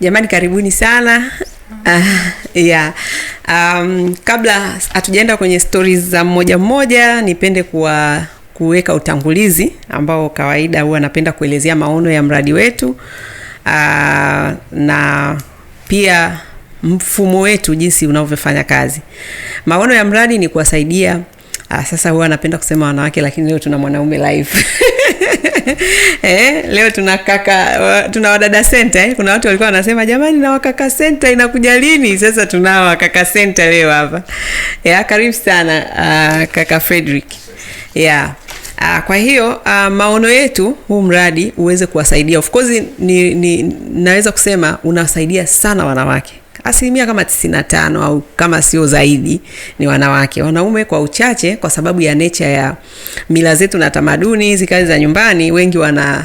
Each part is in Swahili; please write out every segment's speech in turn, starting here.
Jamani, karibuni sana uh, yeah. Um, kabla hatujaenda kwenye stori za mmoja mmoja, nipende kuwa kuweka utangulizi ambao kawaida huwa napenda kuelezea maono ya mradi wetu uh, na pia mfumo wetu jinsi unavyofanya kazi. Maono ya mradi ni kuwasaidia uh, sasa huwa napenda kusema wanawake, lakini leo tuna mwanaume live eh, leo tuna kaka tuna wadada senta eh. Kuna watu walikuwa wanasema jamani, na wakaka senta inakuja lini? Sasa tunao wakaka senta leo hapa yeah, karibu sana uh, kaka Frederick yeah. Uh, kwa hiyo uh, maono yetu huu mradi uweze kuwasaidia of course, ni, ni, naweza kusema unawasaidia sana wanawake asilimia kama 95 au kama sio zaidi ni wanawake. Wanaume kwa uchache, kwa sababu ya nature ya mila zetu na tamaduni, hizi kazi za nyumbani, wengi wana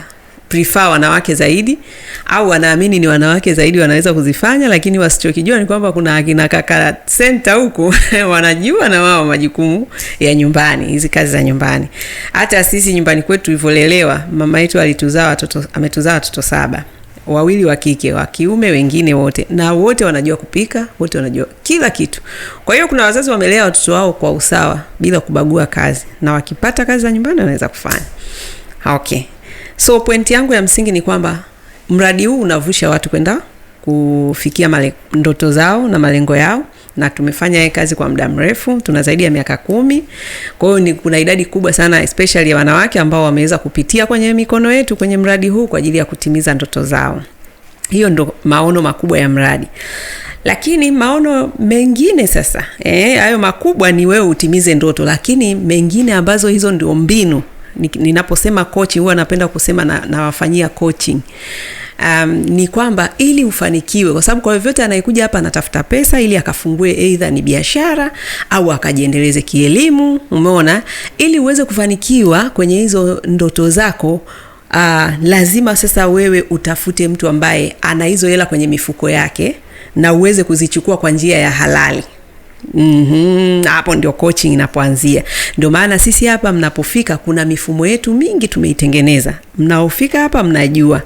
prefer wanawake zaidi au wanaamini ni wanawake zaidi wanaweza kuzifanya, lakini wasichokijua ni kwamba kuna akina kaka senta huku wanajua na wao majukumu ya nyumbani, hizi kazi za nyumbani. Hata sisi nyumbani kwetu tulivyolelewa, mama yetu alituzaa watoto, ametuzaa watoto saba wawili wa kike, wa kiume wengine wote, na wote wanajua kupika, wote wanajua kila kitu. Kwa hiyo kuna wazazi wamelea watoto wao kwa usawa bila kubagua kazi, na wakipata kazi za nyumbani wanaweza kufanya. Okay, so pointi yangu ya msingi ni kwamba mradi huu unavusha watu kwenda kufikia male, ndoto zao na malengo yao na tumefanya ye kazi kwa muda mrefu, tuna zaidi ya miaka kumi. Kwa hiyo ni kuna idadi kubwa sana especially ya wanawake ambao wameweza kupitia kwenye mikono yetu kwenye mradi huu kwa ajili ya kutimiza ndoto zao. Hiyo ndo maono makubwa ya mradi, lakini maono mengine sasa, eh, makubwa ni wewe utimize ndoto, lakini mengine ambazo hizo ndio mbinu ninaposema coaching huwa napenda kusema na, nawafanyia coaching um, ni kwamba ili ufanikiwe, kwa sababu kwa vyovyote anayekuja hapa anatafuta pesa ili akafungue eidha ni biashara au akajiendeleze kielimu. Umeona, ili uweze kufanikiwa kwenye hizo ndoto zako uh, lazima sasa wewe utafute mtu ambaye ana hizo hela kwenye mifuko yake na uweze kuzichukua kwa njia ya halali. Mm -hmm. Hapo ndio coaching inapoanzia. Ndio maana sisi hapa mnapofika kuna mifumo yetu mingi tumeitengeneza. Mnaofika hapa mnajua.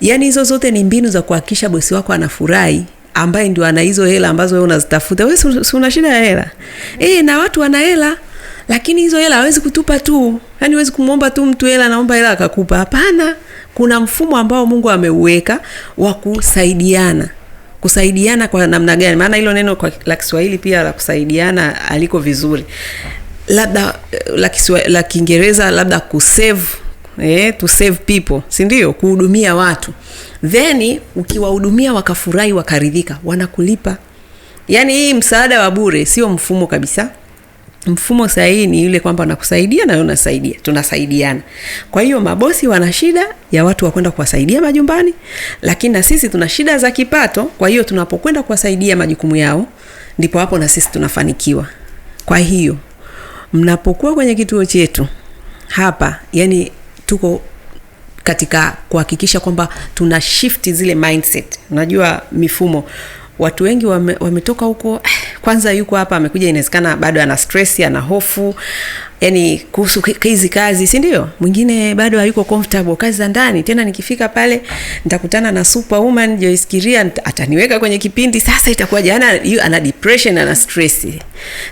Yaani hizo zote ni mbinu za kuhakikisha bosi wako anafurahi ambaye ndio ana hizo hela ambazo wewe unazitafuta. Wewe si una shida ya hela. Eh, na watu wana hela lakini hizo hela hawezi kutupa tu. Yani huwezi kumwomba tu mtu hela naomba hela akakupa. Hapana. Kuna mfumo ambao Mungu ameuweka wa kusaidiana kusaidiana kwa namna gani, maana hilo neno kwa, la Kiswahili pia la kusaidiana aliko vizuri, labda eh, la Kiswahili la Kiingereza labda kusave eh, to save people, si ndio? Kuhudumia watu, then ukiwahudumia wakafurahi wakaridhika, wanakulipa. Yani hii msaada wa bure sio mfumo kabisa Mfumo sahihi ni yule kwamba nakusaidia na unasaidia, tunasaidiana. Kwa hiyo mabosi wana shida ya watu wakwenda kuwasaidia majumbani, lakini na sisi tuna shida za kipato. Kwa hiyo tunapokwenda kuwasaidia majukumu yao, ndipo hapo na sisi tunafanikiwa. Kwa hiyo mnapokuwa kwenye kituo chetu hapa, yani tuko katika kuhakikisha kwamba tuna shift zile mindset, unajua mifumo watu wengi wame, wametoka huko kwanza, yuko hapa amekuja, inawezekana bado ana stress, ana hofu yani kuhusu hizi kazi, si ndio? Mwingine bado hayuko comfortable kazi za ndani. Tena nikifika pale nitakutana na superwoman Joyce Kiria, ataniweka kwenye kipindi, sasa itakuwaje? Ana ana depression, ana stress.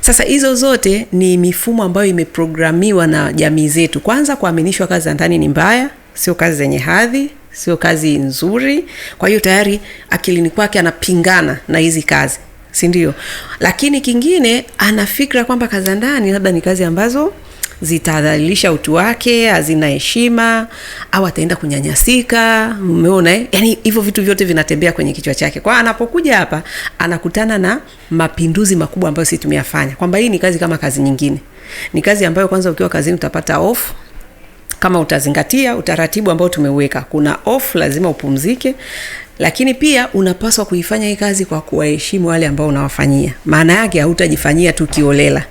Sasa hizo zote ni mifumo ambayo imeprogramiwa na jamii zetu, kwanza kuaminishwa kazi za ndani ni mbaya, sio kazi zenye hadhi sio kazi nzuri. Kwa hiyo tayari akilini kwake anapingana na hizi kazi, si ndio? Lakini kingine anafikira kwamba kazi za ndani labda ni kazi ambazo zitadhalilisha utu wake, hazina heshima au ataenda kunyanyasika. Umeona eh? Yani hivyo vitu vyote vinatembea kwenye kichwa chake. kwao anapokuja hapa anakutana na mapinduzi makubwa ambayo sisi tumeyafanya, kwamba hii ni kazi kama kazi nyingine, ni kazi ambayo kwanza ukiwa kazini utapata ofu kama utazingatia utaratibu ambao tumeuweka. Kuna off, lazima upumzike, lakini pia unapaswa kuifanya hii kazi kwa kuwaheshimu wale ambao unawafanyia. Maana yake hautajifanyia tu kiolela,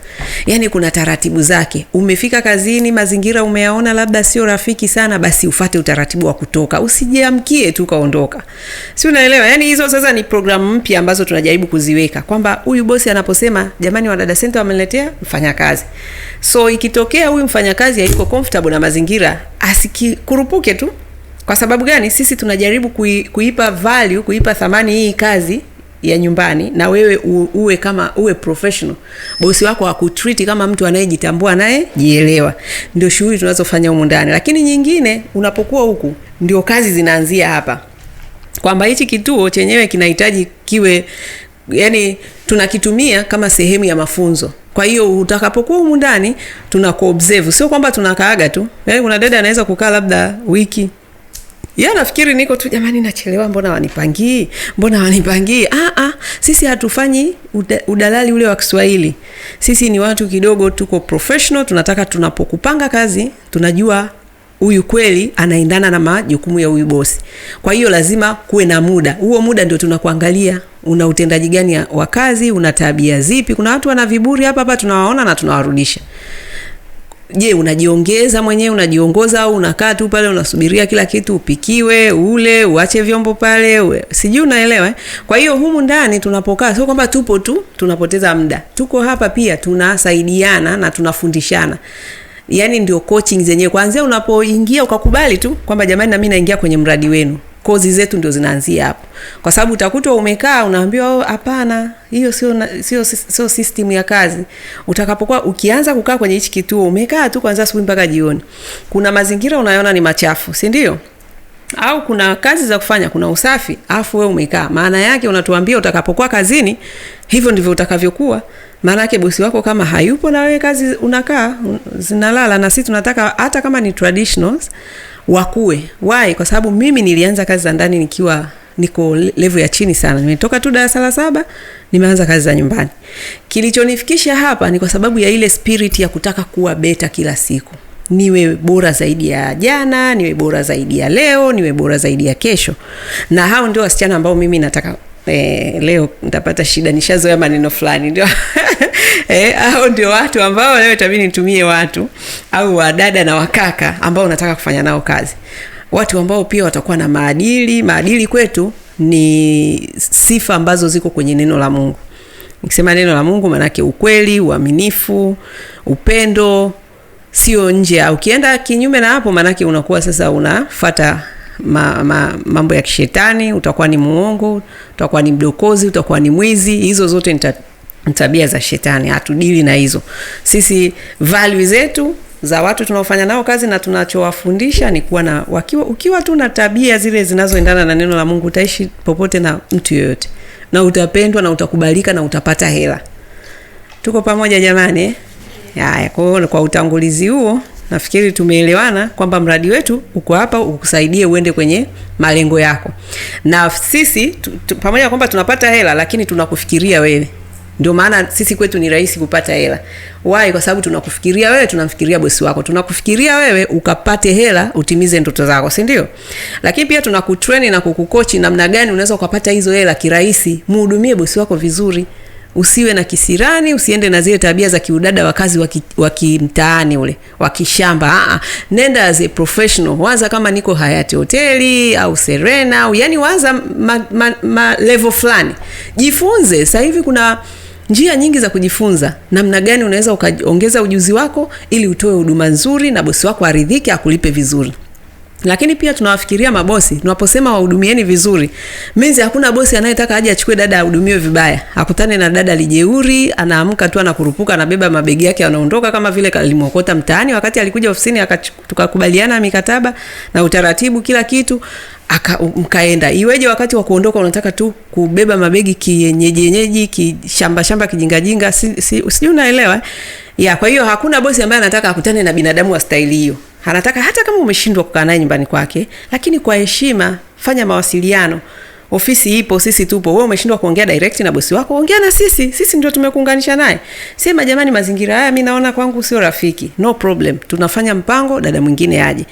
yani kuna taratibu zake. Umefika kazini, mazingira umeyaona labda sio rafiki sana, basi ufate utaratibu wa kutoka, usijiamkie tu kaondoka, si unaelewa? Yani hizo sasa ni programu mpya ambazo tunajaribu kuziweka kwamba huyu bosi anaposema jamani, Wadada Center wameniletea mfanyakazi, so ikitokea huyu mfanyakazi hayuko comfortable na mazingira, asikurupuke tu kwa sababu gani? Sisi tunajaribu kui, kuipa value, kuipa thamani hii kazi ya nyumbani, na wewe u, uwe kama uwe professional. Bosi wako akutreat kama mtu anayejitambua naye jielewa Ndio shughuli tunazofanya humu ndani, lakini nyingine unapokuwa huku ndio kazi zinaanzia hapa, kwamba hichi kituo chenyewe kinahitaji kiwe yani tunakitumia kama sehemu ya mafunzo. Kwa hiyo utakapokuwa humu ndani tunakuobserve, sio kwamba tunakaaga tu. yani eh, kuna dada anaweza kukaa labda wiki ya nafikiri niko tu jamani, nachelewa, mbona wanipangii, mbona wanipangii? Aa, ah, ah, sisi hatufanyi udalali ule wa Kiswahili. Sisi ni watu kidogo, tuko professional, tunataka tunapokupanga kazi tunajua huyu kweli anaendana na majukumu ya huyu bosi. Kwa hiyo lazima kuwe na muda huo. Muda ndio tunakuangalia una utendaji gani wa kazi, una tabia zipi. Kuna watu wana viburi hapa hapa tunawaona na tunawarudisha je, unajiongeza mwenyewe, unajiongoza au unakaa tu pale unasubiria kila kitu upikiwe, ule, uache vyombo pale, Sijui unaelewa eh? Kwa hiyo humu ndani tunapokaa sio kwamba tupo tu tunapoteza muda. Tuko hapa pia tunasaidiana na tunafundishana. Yaani ndio coaching zenyewe kwanzia unapoingia ukakubali tu kwamba jamani na mimi naingia kwenye mradi wenu kozi zetu ndio zinaanzia hapo, kwa sababu utakuta umekaa unaambiwa oh, hapana, hiyo sio sio sio system ya kazi. Utakapokuwa ukianza kukaa kwenye hichi kituo, umekaa tu kwanza asubuhi mpaka jioni, kuna mazingira unayoona ni machafu, si ndio? au kuna kazi za kufanya, kuna usafi, afu we umekaa. Maana yake unatuambia utakapokuwa kazini hivyo ndivyo utakavyokuwa. Maana yake bosi wako kama hayupo na wewe kazi unakaa zinalala, na sisi tunataka hata kama ni traditionals wakue. Why? Kwa sababu mimi nilianza kazi za ndani nikiwa niko levu ya chini sana, nimetoka tu darasa la saba nimeanza kazi za nyumbani. Kilichonifikisha hapa ni kwa sababu ya ile spirit ya kutaka kuwa beta kila siku niwe bora zaidi ya jana, niwe bora zaidi ya leo, niwe bora zaidi ya kesho. Na hao ndio wasichana ambao mimi nataka Eh, leo nitapata shida, nishazoea maneno fulani ndio eh, au ndio watu ambao leo itabidi nitumie watu au wadada na wakaka ambao nataka kufanya nao kazi, watu ambao pia watakuwa na maadili. Maadili kwetu ni sifa ambazo ziko kwenye neno la Mungu. Nikisema neno la Mungu, maanake ukweli, uaminifu, upendo, sio nje. Ukienda kinyume na hapo, maanake unakuwa sasa unafata ma, ma, mambo ya kishetani, utakuwa ni muongo, utakuwa ni mdokozi, utakuwa ni mwizi. Hizo zote ni tabia za shetani, hatudili na hizo. Sisi value zetu za watu tunaofanya nao kazi na tunachowafundisha ni kuwa na wakiwa, ukiwa tu na tabia zile zinazoendana na neno la Mungu, utaishi popote na mtu yoyote, na utapendwa na utakubalika na utapata hela. Tuko pamoja jamani? Eh? Haya, kwa kwa utangulizi huo nafikiri tumeelewana kwamba mradi wetu uko hapa ukusaidie uende kwenye malengo yako, na sisi pamoja na kwamba tunapata hela, lakini tunakufikiria wewe. Ndio maana sisi kwetu ni rahisi kupata hela. Why? Kwa sababu tunakufikiria wewe, tunamfikiria bosi wako, tunakufikiria wewe ukapate hela, utimize ndoto zako, si ndio? Lakini pia tunakutrain na kukukochi namna gani unaweza ukapata hizo hela kirahisi. Muhudumie bosi wako vizuri usiwe na kisirani, usiende na zile tabia za kiudada wakazi wa kimtaani ule wa kishamba. nenda as a professional. Waza kama niko Hayati hoteli au Serena au yani, waza ma, ma, ma level fulani, jifunze. Sasa hivi kuna njia nyingi za kujifunza namna gani unaweza ukaongeza ujuzi wako ili utoe huduma nzuri na bosi wako aridhike, akulipe vizuri. Lakini pia tunawafikiria mabosi tunaposema wahudumieni vizuri. Mimi hakuna bosi anayetaka aje achukue dada ahudumiwe vibaya. Akutane na dada lijeuri, anaamka tu anakurupuka, anabeba mabegi yake anaondoka kama vile kalimwokota mtaani wakati alikuja ofisini tukakubaliana mikataba na utaratibu kila kitu aka mkaenda. Iweje wakati wa kuondoka unataka tu kubeba mabegi kienyeji yenyeji, kishamba shamba, kijingajinga si, si, si, sijui unaelewa. Ya, kwa hiyo hakuna bosi ambaye anataka akutane na binadamu wa staili hiyo anataka hata kama umeshindwa kukaa naye nyumbani kwake, lakini kwa heshima fanya mawasiliano ofisi ipo, sisi tupo. Wewe umeshindwa kuongea direct na bosi wako, ongea na sisi, sisi ndio tumekuunganisha naye. Sema jamani, mazingira haya mi naona kwangu sio rafiki. No problem, tunafanya mpango, dada mwingine aje.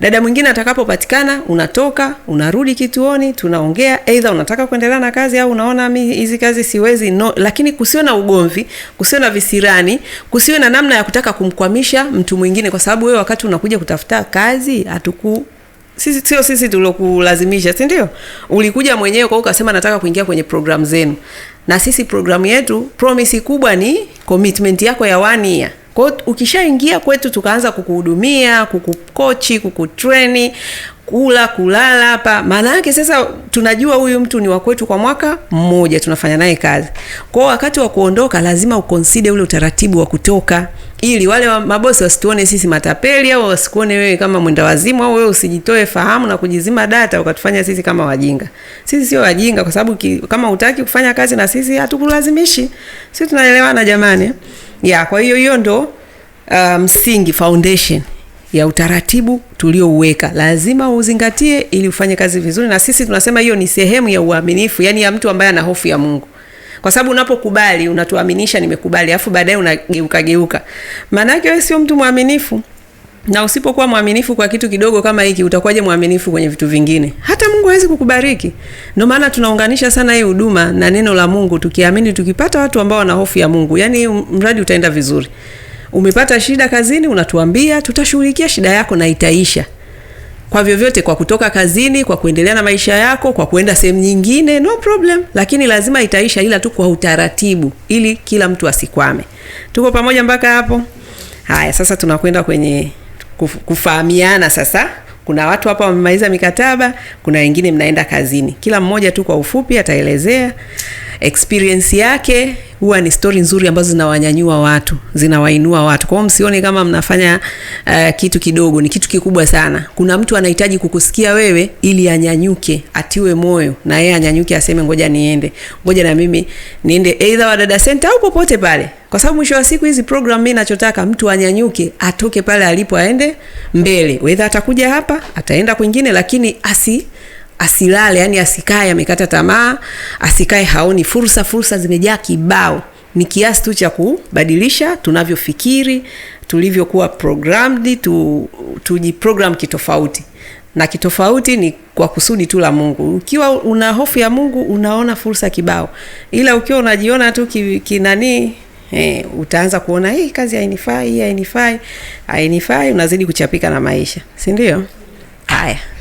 Dada mwingine atakapopatikana, unatoka unarudi kituoni, tunaongea, aidha unataka kuendelea na kazi au unaona mi hizi kazi siwezi, no. Lakini kusio na ugomvi, kusio na visirani, kusio na namna ya kutaka kumkwamisha mtu mwingine, kwa sababu wewe wakati unakuja kutafuta kazi hatuku sisi sio sisi tuliokulazimisha, si ndio? Ulikuja mwenyewe kwao ukasema nataka kuingia kwenye programu zenu, na sisi programu yetu promise kubwa ni commitment yako ya one year. ukishaingia kwetu tukaanza kukuhudumia, kukukochi, kukutreni, kula, kulala hapa, maana yake sasa tunajua huyu mtu ni wa kwetu kwa mwaka mmoja, tunafanya naye kazi. kwao wakati wa kuondoka lazima ukonside ule utaratibu wa kutoka ili wale wa mabosi wasituone sisi matapeli au wasikuone wewe kama mwenda wazimu au wewe usijitoe fahamu na kujizima data ukatufanya sisi kama wajinga. Sisi sio wajinga, kwa sababu kama hutaki kufanya kazi na sisi hatukulazimishi, sisi tunaelewana jamani. Ya, kwa hiyo hiyo ndo uh, msingi um, foundation ya utaratibu tuliouweka lazima uzingatie ili ufanye kazi vizuri, na sisi tunasema hiyo ni sehemu ya uaminifu, yani ya mtu ambaye ana hofu ya Mungu kwa sababu unapokubali unatuaminisha nimekubali, alafu baadaye unageuka geuka, maana yake wewe sio mtu mwaminifu na usipokuwa mwaminifu kwa kitu kidogo kama hiki, utakuwaje mwaminifu kwenye vitu vingine? Hata Mungu hawezi kukubariki. Ndio maana tunaunganisha sana hii huduma na neno la Mungu, tukiamini, tukipata watu ambao wana hofu ya Mungu, yani mradi utaenda vizuri. Umepata shida kazini, unatuambia tutashughulikia shida yako na itaisha kwa vyovyote, kwa kutoka kazini, kwa kuendelea na maisha yako, kwa kuenda sehemu nyingine, no problem, lakini lazima itaisha, ila tu kwa utaratibu, ili kila mtu asikwame. Tuko pamoja mpaka hapo? Haya, sasa tunakwenda kwenye kuf, kufahamiana sasa kuna watu hapa wamemaliza mikataba, kuna wengine mnaenda kazini. Kila mmoja tu kwa ufupi ataelezea experience yake huwa ni stori nzuri ambazo zinawanyanyua watu, zinawainua watu. Kwa hiyo msione kama mnafanya uh, kitu kidogo, ni kitu kikubwa sana. Kuna mtu anahitaji kukusikia wewe ili anyanyuke, atiwe moyo na yeye anyanyuke, aseme ngoja niende, ngoja na mimi niende either Wadada Center au popote pale, kwa sababu mwisho wa siku hizi program, mimi nachotaka mtu anyanyuke, atoke pale alipo, aende mbele, whether atakuja hapa, ataenda kwingine, lakini asi asilale, yani asikae amekata tamaa, asikae haoni fursa. Fursa zimejaa kibao, ni kiasi tu cha kubadilisha tunavyofikiri, tulivyokuwa programmed tu, tujiprogram kitofauti na kitofauti ni kwa kusudi tu la Mungu. Ukiwa una hofu ya Mungu unaona fursa kibao, ila ukiwa unajiona tu kinani ki eh, utaanza kuona hii kazi hainifai, hii hainifai, hainifai, unazidi kuchapika na maisha, si ndio? Haya.